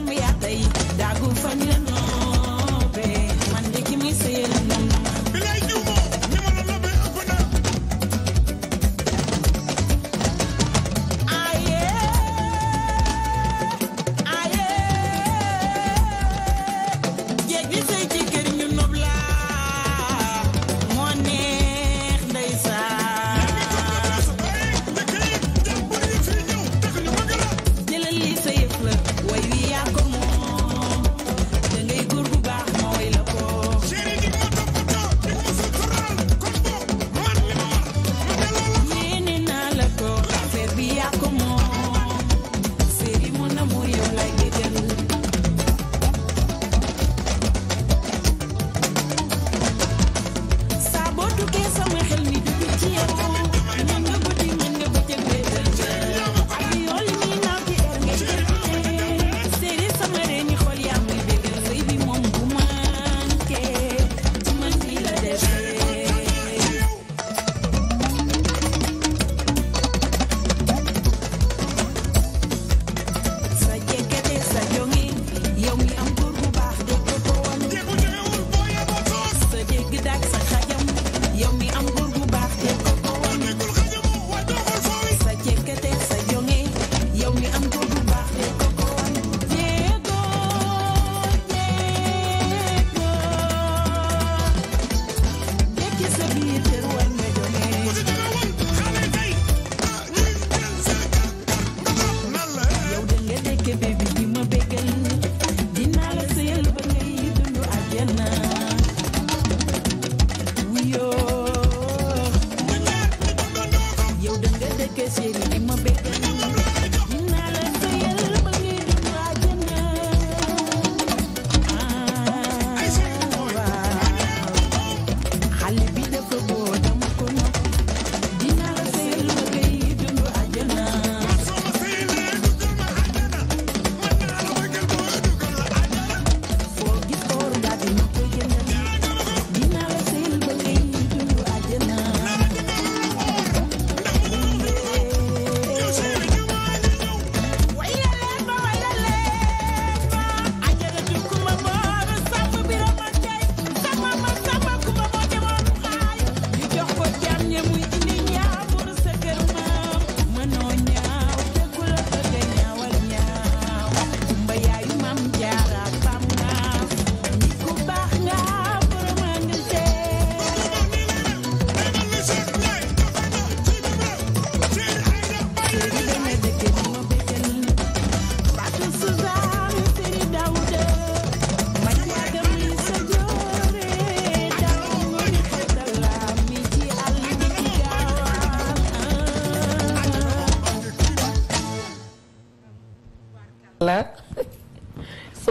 some we are day. Dagu from you.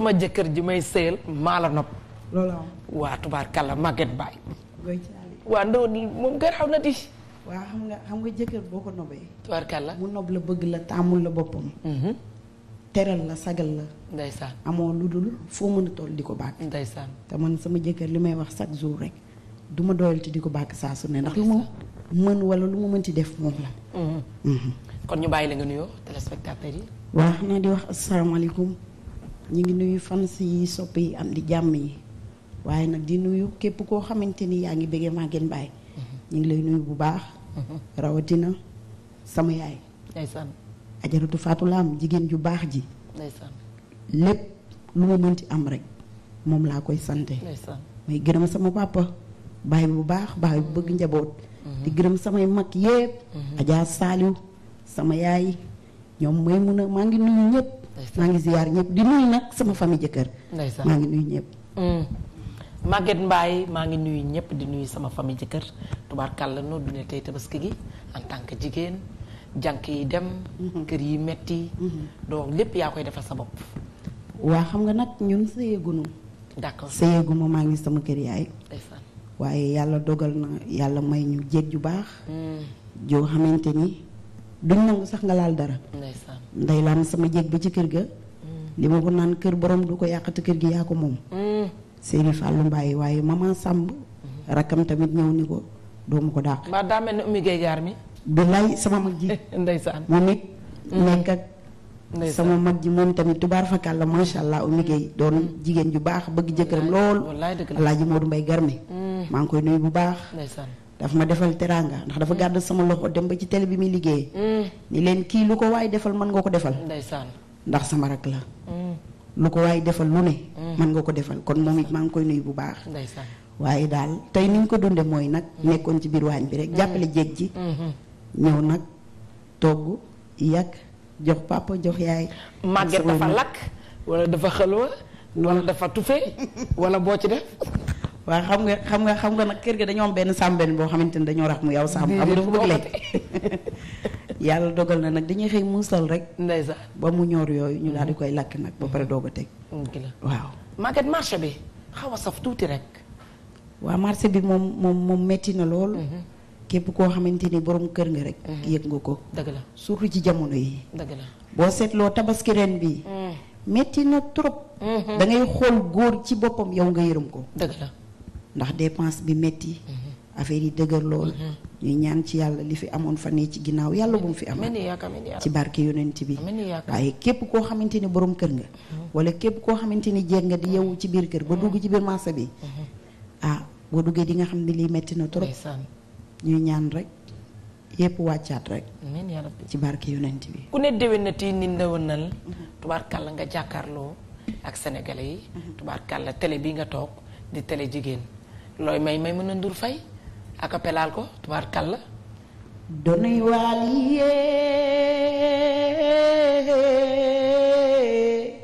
sama jëkkër ji may sëyal maa la nopp waa tubaarkàlla màgget baay waa ndaw moom garaaw na di xam nga xam nga jëkkër boo ko nobee tubaarkàlla mu nob la bëgg la taamul la boppam mm-hmm. teral la sagal la ndeysaan amoo lu dul foo mën a toll di ko bàkk ndeysaan te man sama jëkkër li may wax chaque jour rek du ma doyal ci di ko bàkk saa su ne ndax lu ma mën wala lu ma mënti def moom la mm-hmm. Mm-hmm. kon ñu bàyyi la nga nuyoo téléspectateurs yi di wax asalaamaaleykum ñu ngi nuyu fans yi sopp yi am di jàmm yi waaye nag di nuyu képp koo xamante ni yaa ngi bëggee Maguette Mbaye mm-hmm. ñu ngi lay nuyu bu baax. Mm-hmm. rawatina sama yaay. ndeysaan. ajaratu Fatou Lam jigéen ju baax ji. lépp lu ma mënti am rek moom laa koy sante may gërëm sama papa bu baax bàyyi bu njaboot. Mm-hmm. di gërëm samay mag yépp. Adja yaay ñoom may mun a maa ngi nuyu ñëpp. maa ngi ziyaar ñëpp di nuyu nag sama famille jëkkër maa ngi nuyu ñëpp mm. Maguette mbaay maa ngi nuy ñëpp di nuyu sama famille jëkkër la noo dundee tey tabaski gi en tant jigéen jànk yi dem mm-hmm. kër yi metti mm-hmm. doo lépp yaa koy defal sa bopp waa xam nga nag ñun sëyeegunu d'accord sëyeeguma maa ngi sama kër yaay waaye yàlla dogal na yàlla may ñu jéeg ju baax mm. joo xamante ni duñ nangu sax nga laal dara. ndeysaan ndey laan sama jéeg ba ci kër ga. Mm. li ma ko naan kër borom du ko yàq te kër gi yaa ko moom. Mm. Seyni Fallou Mbaye waaye maman Samb. Mm-hmm. rakkam tamit ñëw ni ko doo ko dàq. mbaa daa mel ni Oumy Gueye gaar sama mag ji. ndeysaan moom it. Mm-hmm. nekk sama mag ji moom tamit tubaar fakal la macha allah Oumy doon mm-hmm. jigéen ju baax bëgg jëkkëram lool. wallaay dëgg la Alaaji Modou mm. maa ngi koy nuyu bu baax. ndeysaan daf ma defal teraanga ndax dafa mm. gàdd sama loxo dem ba ci télé bi muy liggéeyee. Mm. ni leen kii lu ko waay defal man nga ko defal. ndeysaan ndax sama rak la. Mm. lu ko waay defal lu ne. mën nga ko defal kon moom it maa ngi koy nuyu bu baax. ndeysaan waaye daal tey ni ñu ko dundee mooy nag. nekkoon ci biir waañ bi rek jàppale jéeg ji. Mm-hmm. ñëw nag togg yàq jox papa jox yaay. màgget dafa lakk wala dafa xëlwa wala dafa tufe wala boo ci def. waa xam nga xam nga xam nga nag kër gi dañoo am benn sàmm boo xamante ni dañoo rax mu yow sàmm xam nga dafa bëgg lekk yàlla dogal na nag dañuy xëy muusal rek. ndeysaan ba mu ñor yooyu ñu daal di mm-hmm. koy lakk nag ba pare doog a teg. waaw. market marché bi xaw a tuuti rek. waaw marché bi moom moom moom métti na lool. Mm-hmm. képp koo xamante ni borom kër nga rek. Mm-hmm. yëg nga ko. dëgg la surtout ci jamono yi. dëgg la boo seetloo tabaski ren bi. métti mm. na trop. da xool góor ci boppam yow nga yërëm ko. dëgg la. ndax dépense bi metti mm-hmm. affaire yi dëgër lool. Mm-hmm. ñuy ñaan ci yàlla li fi amoon fan yii ci ginnaaw yàlla bu mu fi amoon. ci barke yonent bi. waaye képp koo xamante ni boroom kër nga. Mm-hmm. wala képp koo xamante ni jeeg nga di yeewu ci biir kër ba dugg ci biir marché bi. ah boo duggee di nga xam ne lii metti na trop. ñuy ñaan rek yépp wàccaat rek. ci barke yonent bi. ku ne déwénati ni ndewenal. tubaarkàlla nga jàkkaarloo ak sénégalais yi. tubaarkàlla télé bi nga toog di télé jigéen. looy may may mën a ndur fay aka pelaal ko tubaar kàll donuy waal yee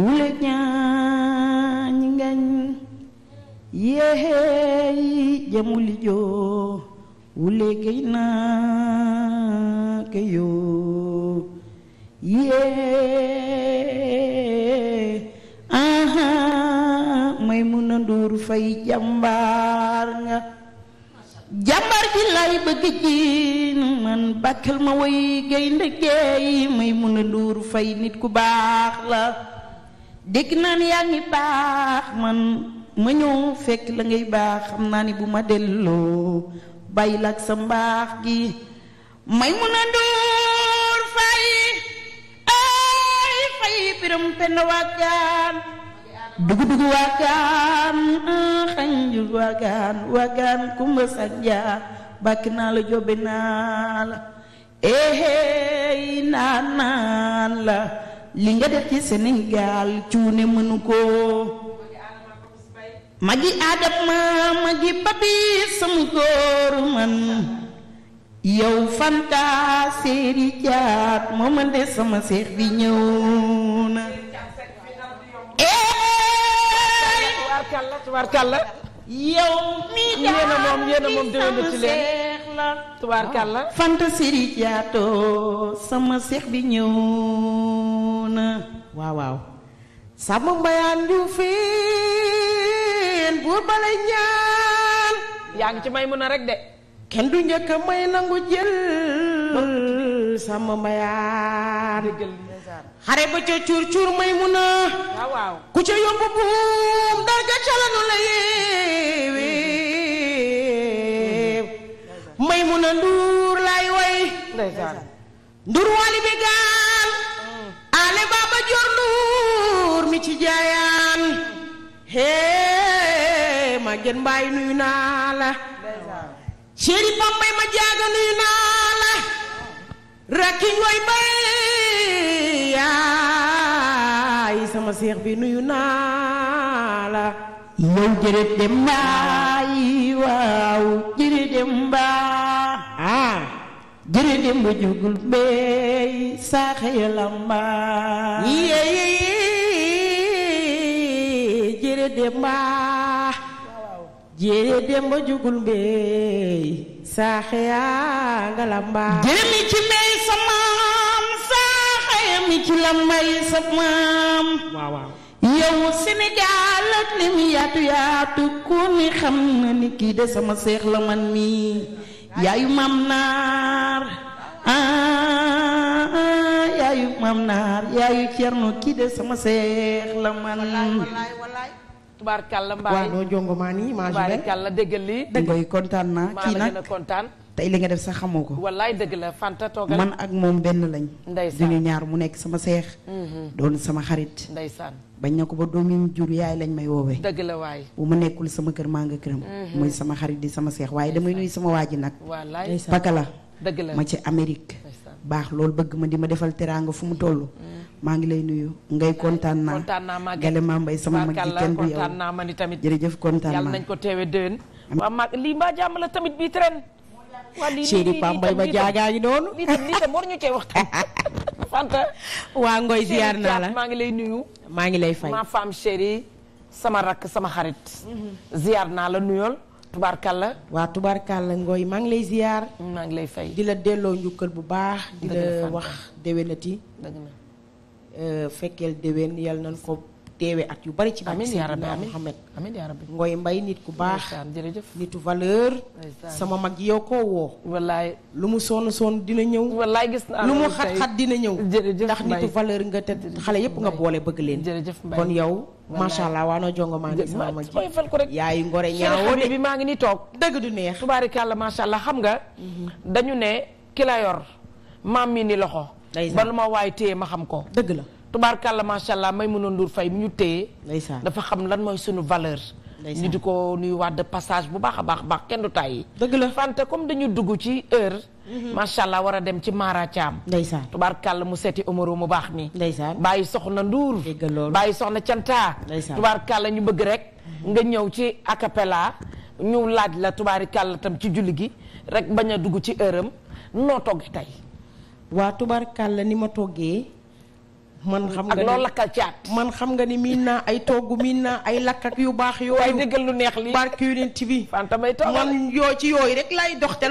wule ñaañ ngañ yee jamuli joo wule gay naa ke yoo Maymuna Ndour Faye jàmbaar nga jàmbaar ji lay bëgg ji man bàkkal ma woy gaynde geey Maymuna Ndour Faye nit ku baax la dégg naa ni yaa ngi baax man ma ñëw fekk la ngay baax xam naa ni bu ma delloo bàyyi la ak sa mbaax gi Maymuna Ndour Faye ay Faye biram penn waajaan dugu dugu waagaan ah, xanjul waagaan waagaan kumba sanjaa bàkk naa la jobbe naa la eehey eh, naan naan la li nga def ci Sénégal cuune mënu ko magi Adama magi papi sama góor man yow Fanta Séeri Jaat mooma de sama seex bi ñëw na yow mii yéen a moom yéen a moom déwénu ah. jaato sama seex bi ñëw na waaw waaw sama mbayaan diw feen buur balay ñaan yaa ngi ci may mun a rek de kenn du njëkk may nangu jël sama mbayaan xare ba ca cuur cuur may mun a ku ca yóbbu buur ndur wali bi gaal ale baba jor nduur mi ci jaayaan hee ma gën mbaay nuyu naa la chéri pambay ma jaaga nuyu naa la rakki ñooy bay sama seex bi nuyu naa la yow jërët dem naay waaw ni mu jugul mbéy saaxe ya lambaa yéyéyéy jugul mbéy saaxe nga lambaa jëre mi ci mbéy sa maam saaxe mi ci lambay sa maam yow Sénégal ak li mu yaatu yaatu ku ni xam na ni kii de sama seex la mi yaayu maam naa maam naar yaayu kii de sama seex la man. wallaay wallaay tubaarkàlla mbaay waaw noo jongo maa nii maa tubaarkàlla lii dëgg kontaan naa kii nag kontaan tey li nga def sax xamoo ko wallaay dëgg la Fanta man ak moom benn lañ ndeysaan duñu ñaar mu nekk sama seex mhm. doon sama xarit ndeysaan bañ na ko ba doom yi mu jur yaay lañ may woowee dëgg la waay bu ma nekkul sama kër maa nga këram muy mhm. sama xarit di sama seex waaye damay nuyu sama waa ji nag la ma ci Amérique baax loolu bëgg ma di ma defal teraanga fu mu toll. Mm. maa ngi lay nuyu ngay kontaan naa naa maa gale maa mbay sama mag ji kenn du yow kontaan naa ma ni tamit jërëjëf kontaan naa yàlla ko teewe déwén waa mag lii mbaa jàmm la tamit bii tren waa ba jaagaa ngi noonu lii tam lii tam war ngoy naa la maa ngi lay nuyu maa ngi lay fay ma femme chérie sama rakk sama xarit mm-hmm. ziar naa la nuyool la waa tubaarkàlla ngooy maa ngi lay ziyaar maa ngi lay fay di la delloo njukkal bu baax di la wax déwénati dëgg na euh, fekkeel déwén yal nañ ko teewe at yu bari ci barke Seydina Muhammad amiin yaa rabbi ngooy mbay nit ku baax jërëjëf nitu valeur sama mag yow koo woo lu mu sonn sonn dina ñëw wallaay gis naa lu mu xat-xat dina ñëw jërëjëf ndax nitu valeur nga te xale yépp nga boole bëgg leen kon yow macha allah waa noo jongo maa ngi sama ji fal ko rek yaayu ngore ñaawoo de bi maa ngi ni toog dëgg du neex tubaarikàlla macha allah xam nga mhm. dañu ne ki la yor maam mi ni loxo ba lu ma waay téye ma xam ko dëgg la tubaarkàlla macha allah may mën a ndur fay mu ñu téye dafa xam lan mooy sunu valeur ñu di ko nuy waat de passage bu baax a baax baax kenn du tàyyi dëgg la fante comme dañu dugg ci heure Mm-hmm. macha allah war a dem ci Mara Thiam. ndeysaan tubaarkàll mu seeti Omaro mu baax mi. ndeysaan bàyyi soxna Ndour. bàyyi soxna Canta. ndeysaan tubaarkàll ñu bëgg rek. Mm-hmm. nga ñëw ci acapella ñu laaj la tubaarkàll tam ci julli gi rek bañ a dugg ci heure am noo togg tey. waa tubaarkàll ni ma toggee. man xam nga ni xam nga ni miin naa ay togg miin naa ay lakk yu baax yooyu. waaye déggal lu neex lii barke yu neen TV. man yoo ci yooyu rek lay dox te